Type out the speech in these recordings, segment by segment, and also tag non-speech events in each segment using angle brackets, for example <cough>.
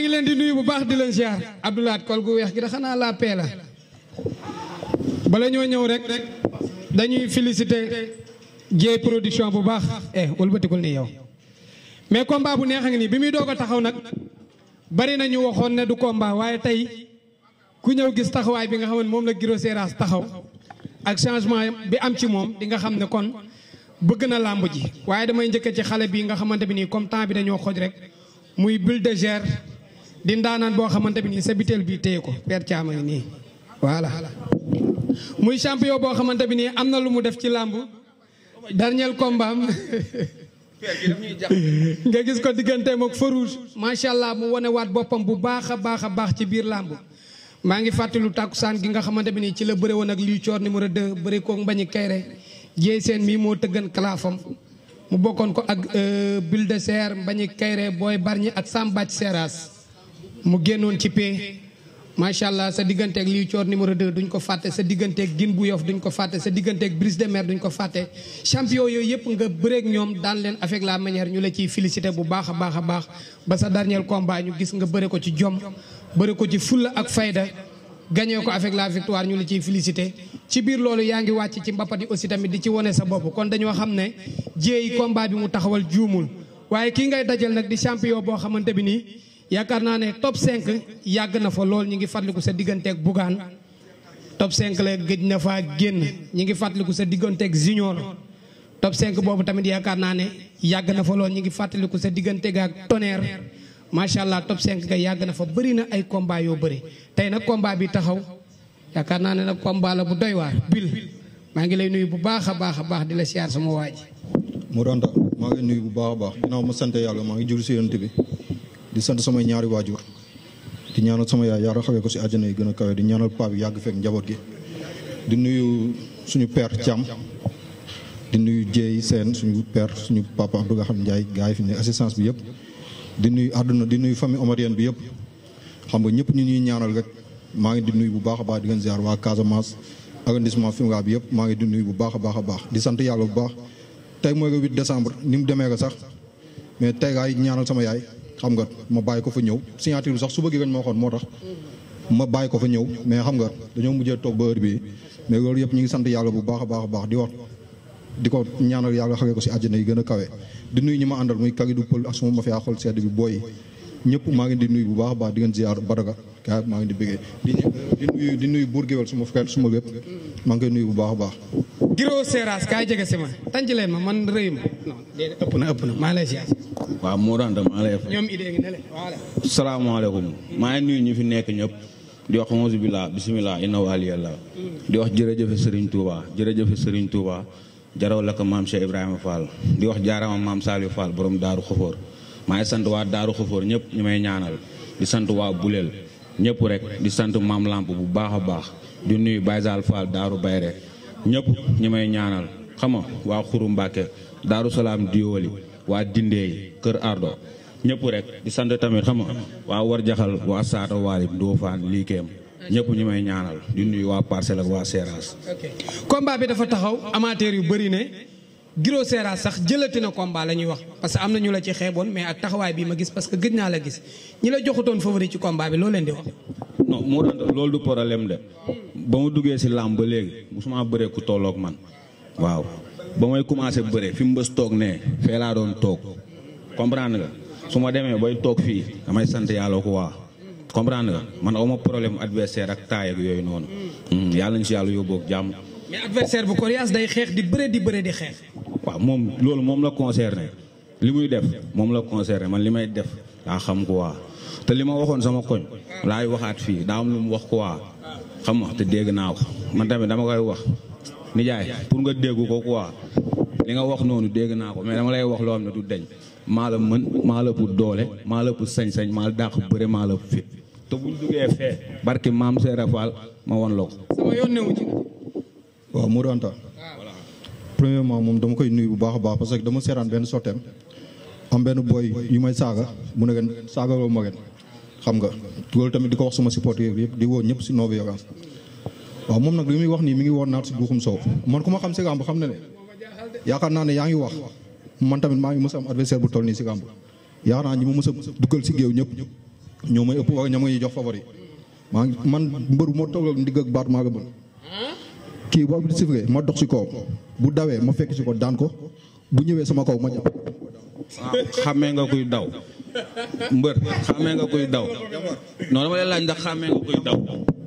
ngi len di nuyu bu baax di len ziar Abdoulaat kol gu wex gi da xana la paix la bala ñoo ñew rek dañuy féliciter Dieye production bu baax eh wëlbatikul ni yow mais combat bu neex nga ni bi mi doga taxaw nak bari na ñu waxoon ne du combat waye tay ku ñew gis taxaway bi nga xamne mom la Guiro taxaw ak changement bi am ci mom di nga xamne kon bëgg na lamb ji waye damay njëkk ci xalé bi nga xamanteni comme temps bi dañoo xoj rek muy bulldozer di ndaanaan boo xamante bi sa bitel bi téye ko per Thiam ni wala muy champion bo xamanteni bi nii Daniel Kombam. lu mu def ci lamb dernier combat am <laughs> nga gis ko digante mok machallah mu wane wat bopam bu baakha baakha baax ci bir lamb ma ngi ini takusan gi nga xamanteni bi ci le beure won ak liy coor numéro 2 bëre koog kayre mu bokon ko ak euh bulldozer Serre kayre boy barni ak sambat Seras. mu génnoon ci paix macha allah sa digganteeg liy coor numéro 2 duñ ko fàtte sa digganteeg gin bu yof duñ ko fàtte sa digganteeg brise de mer duñ ko fàtte champion yooyu yëpp nga bëreeg ñoom daan leen avec la manière ñu la ciy félicité bu baax a baax a baax ba sa dernier combat ñu gis nga bëre ko ci jom bëre ko ci fulla ak fayda gañee ko avec la victoire ñu la ciy félicité ci biir loolu yaa ngi wàcc ci mbappat yi aussi tamit di ci wone sa bopp kon dañoo xam ne jéey combat bi mu taxawal juumul boo xamante bi nii yaakaar naa ne top 5 yàgg na fa lool ñi ngi fàttaliku sa digganteeg Bougane top 5 la gëj na fa génn ñi ngi fàttaliku sa digganteeg Junior top 5 boobu tamit yaakaar naa ne yàgg na fa lool ñi ngi fàttaliku sa digganteeg ak Tonnerre macha allah top 5 ga yàgg na fa bëri na ay combat yoo bëri tey nag combat bi taxaw yaakaar naa ne nag combat la bu doy waar bil maa ngi lay nuyu bu baax a baax a baax di la siyaar sama waa mu doon maa ngi nuyu bu baax a baax ginnaaw ma sant yàlla maa ngi jul si yonent bi di sant sama ñaari wajur di ñaanal sama yaay yaara xawé ko ci aljana yi gëna kawé di ñaanal paa bi yàgg fek njabot gi di nuyu suñu père cham di nuyu jey sen suñu père suñu papa Abdou Gakham ndjay gaay fi ne assistance bi yépp di nuyu aduna di nuyu famille omarienne bi yépp xam nga ñepp ñu ñuy ñaanal rek ma ngi di nuyu bu baaxa baax di gën ziar wa Casamance arrondissement fimga bi yépp ma ngi di nuyu bu baaxa baaxa baax di sant yalla bu baax tay moy le 8 décembre nim démé demee sax mais tay gaay ñaanal sama yaay xam nga ma bàyyi ko fa ñëw signature bi sax su gi gañ ma waxoon moo tax ma bàyyi ko fa ñëw mais xam nga dañoo mujjee toog ba heure bii mais loolu yëpp ñu ngi sant yàlla bu baax a baax a baax di wax di ko ñaanal yàlla xawee ko si àjjana yi gën a kawe di nuyu ñi ma àndal muy kagi du pël ak suma ma fiyaa xol sedd bi booy ñëpp maa ngi di nuy bu baax a baax di ngeen ziar Badaga kaa maa ngi di bëggee di di nuyu di nuyu buur géwél suma frère suma wépp maa ngi koy nuyu bu baax a baax Guiro Seras kaay jege si ma tànc leen ma man rëy ma non ëpp na ëpp na maa lay waaw moo daan maa lay fay. ñoom idée salaamaaleykum. maa ngi nuyu ñu fi nekk ñëpp. di wax auzu billah bismillah inna wali yàlla di wax jërëjëf Serigne Touba jërëjëf Serigne Touba. jaraw la ko maam Cheikh Ibrahima Fall di wax jaarama maam Saliou Fall borom daaru Xofoor maa ngi sant waa daaru Xofoor ñëpp ñu may ñaanal di sant waa Bulel ñëpp rek di sant maam làmp bu baax a baax di nuyu Baysal Fall daaru Bayre ñëpp ñi may ñaanal xama nga waa Xuru daaru Salaam Diwoli wa Dindé Kër Ardo ñëpp rek di sant tamit xam wa war jaxal waa Saato faan li kém ñëpp ñu may ñaanal di nuyu wa parcel ak wa Seras. combat bi dafa taxaw amateur yu bari ne giro Seras sax jëlati na combat la wax parce que amna ñu la ci xébon mais ak taxaway bi ma gis parce que gëj la gis ñi la joxutone favori ci combat bi lo leen di wax. non mo du problème de ba mu duggee si ba musuma bëree ku tolok man waaw ba may commencé beuré fim beus tok né ne la don tok comprendre nga suma démé boy tok fi fii damay sant yàlla ko wa comprendre nga man awma problème adversaire ak tay ak yoy non hmm, yàlla ñu si yalla yobok jam mais adversaire bu coriace day xex di beuré di beuré di xex wa mom lolu mom la concerné limuy def mom la concerné man limay def laa xam ko wa té lima waxone sama koñ lay waxat fi da am lu mu wax ko wa xam wax te dégg na ko man tamit dama koy wax nijaay pour nga dégg ko quoi li nga wax noonu dégg naa ko mais dama lay wax loo am na du deñ maa la mën maa la pour doole maa la ëpp sañ-sañ maa la dàq bëre maa la ëpp fit te buñ duggee fee barki maam Seera Fall ma wan la ko. sama yoon newu ci. waaw mu doon premièrement moom dama koy nuyu bu baax baax parce que dama seeraan benn sotteem am benn booy yu may saaga mu ne leen saaga loo ma xam nga loolu tamit di ko wax sama supporter yëpp di woo ñëpp si non violence waaw moom nag li muy wax nii mi ngi woon naat si guuxum soow man ku ma xam si gàmb xam na ne yaakaar naa ne yaa ngi wax man tamit maa ngi mës am adversaire bu toll nii si gàmb yaakaar naa ñi ma mës a duggal si géew ñëpp ñoo may ëpp wax ñoo may jox favori maa ngi man mbër moo ak ndig ak baat maa nga mën kii boo bi sifré ma dox si kaw bu dawee ma fekk si ko daan ko bu ñëwee sama kaw ma jàpp ah, xamee nga kuy daw mbër xamee nga kuy daw non dama lay laaj ndax xamee nga kuy daw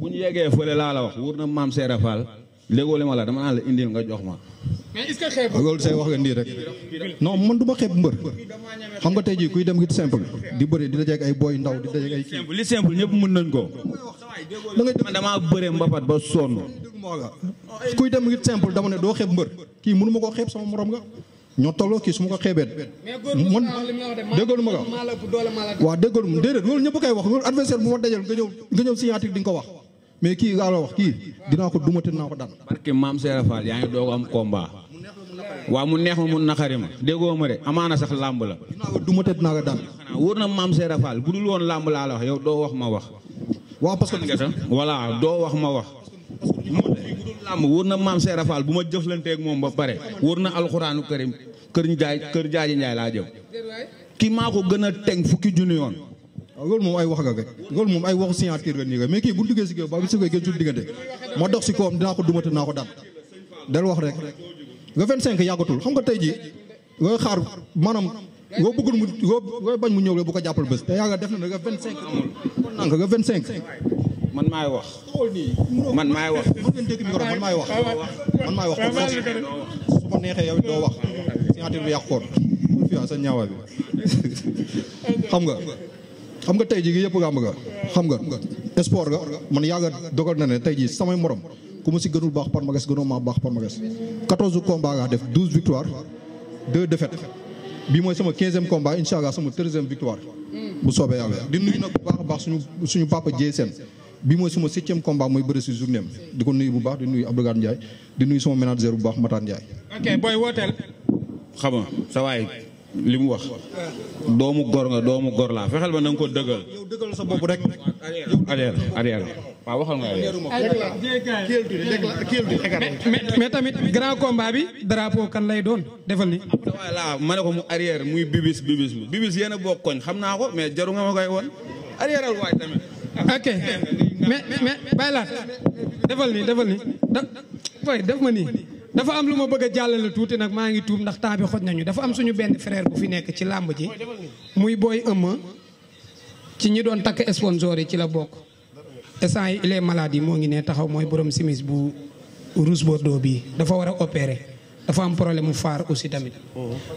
bu ñu yeggee fële laa la wax wóor na maam Seera Fall léegoo ma la dama naan la indil nga jox ma. mais est-ce que xeeb loolu say wax nga nii rek non man du ma xeeb xam nga tey kuy dem gi simple di bëri di dajeeg ay booy ndaw di dajeeg ay kii. li simple ñëpp mën nañ ko. da nga man damaa bëree mbapat ba sonn. kuy dem simple dama kii mënu ma koo sama morom nga. ñoo tolloo kii su ma ko xeebeen man déggoolu ma ko waaw déggoolu ma déedéet loolu ñëpp koy wax loolu adversaire bu ma dajal nga ñëw nga ñëw signature di nga wax mais kii laa wax kii dinaa ko dumate naa ko daan. barke maam Seera Fall yaa ngi doog am combat. waaw mu neex ma mu naqari ma déggoo ma de amaana sax làmb la. dinaa ko dumate dinaa ko daan. wóor na maam Seera bu dul woon làmb laa la wax yow doo wax ma wax. waaw parce doo wax ma wax. làmb na maam Seera Fall bu ma jëflanteeg moom ba pare wër na alxuraanu karim kër jaay kër jaaji njaay laa jëm. kii maa ko gën a teg fukki junni yoon. waaw loolu moom ay wax ay waxu signature la nii rek mais kii bu duggee si géew ba bu sifee génn suñu diggante ma dox si kawam dinaa ko dumata dinaa ko daan del wax rek le 25 yàggatul xam nga tey jii looy xaar maanaam loo bëggul mu loo bañ mu ñëw rek bu man maay wax man maay wax man maay wax man maay wax ko su ma neexee yow doo wax signature bi yàqu koon fi sa ñaawa bi <laughs> xam nga xam nga tey jii yëpp gàmb nga xam nga sport nga man yàgga dogal na ne tey jii samay morom ku ma si gënul baax par magas gënoo maa baax par magas nga def victoire 2 défaites mooy sama 15e combat incha sama 13e victoire bu soobee yàlla di nuyu nag bu baax a baax suñu suñu papa Dieye Sène bi mooy sama septième combat mooy bëre si journée am di ko nuyu bu baax di nuyu Abdoulaye Ndiaye di nuyu sama manager bu baax Matane Ndiaye. ok booy wooteel. xam li mu wax doomu gor nga doomu gor laa fexeel ba na nga ko dëggal. yow dëggal sa bopp rek. arrière arrière waaw waxal nga mais tamit grand combat bi drapeau kan lay doon defal ni. voilà ma ne ko mu arrière muy bibis bibis bi bibis yéen a bokk koñ xam naa ko mais jaru nga ma koy woon arrière waay tamit. ok mais mais bàyyi laa defal ni defal ni da def ma nii. dafa am lu ma bëgg a jàllale tuuti nag maa ngi tuub ndax temps bi xoj nañu dafa am suñu benn frère bu fi nekk ci làmb ji muy booy ëmma ci ñi doon takk sponsor yi ci la bokk te yi il est moo ngi nee taxaw mooy borom simis bu rouge bii dafa war a opérer dafa am problème mu faar aussi tamit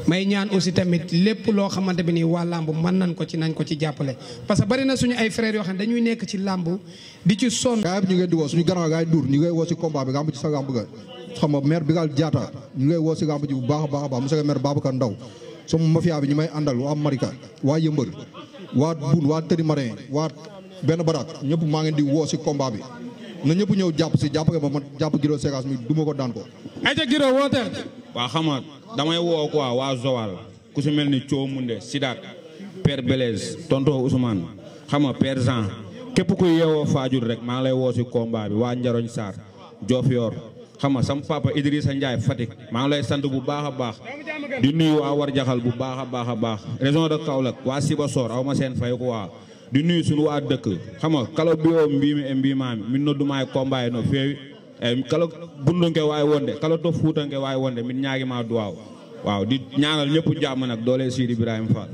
may ñaan aussi tamit lépp loo xamante bi nii waa làmb mën nañ ko ci nañ ko ci jàppale parce que bari na suñu ay frères yoo xam ne dañuy nekk ci làmb di ci sonn gaay ñu ngeen di woo woo ci combat bi nga xam ci sa xam nga maire bi gal jaata ñu ngi wo ci gàmb ji bu baax baax a baax monsieur maire Babacar Ndaw sama mafia bi ñu may àndal waa Marika waa Yëmbër waa Bun wa teri Marin wa ben barak ñepp ma ngi di wo ci combat bi na ñepp ñew japp ci japp ba ma japp giro segas mi duma ko daan ko. ay Guiro woote. waa xam nga damay wo quoi wa Zowal ku ci melni cho munde sidat Père Belez tonto Ousmane xama Père Jean kep ku yeewoo fajur rek ma lay wo ci combat bi wa ndaroñ sar jof yor xama sam papa Idrissa ndjay Fatick ma ngi lay sant bu baakha a baax di nuyu waa war jaxal bu baakha baakha baax raison de kaolak wa siba sor awma sen fay ko wa di nuyu suñu waa dëkk xam nga kala mbi mbimi e mbimaami min noddumaay combat no feewi eyi eh, kala bundunke way wonde kala to fuutanke way wonde min ma duwaaw waaw di ñaanal ñëpp jàmm nag doole Sidi Ibrahima Fall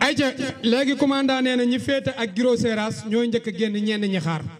ayca legi commandant nee ñi fete ak Guiro Seras ñooy njëkk a ñi xaar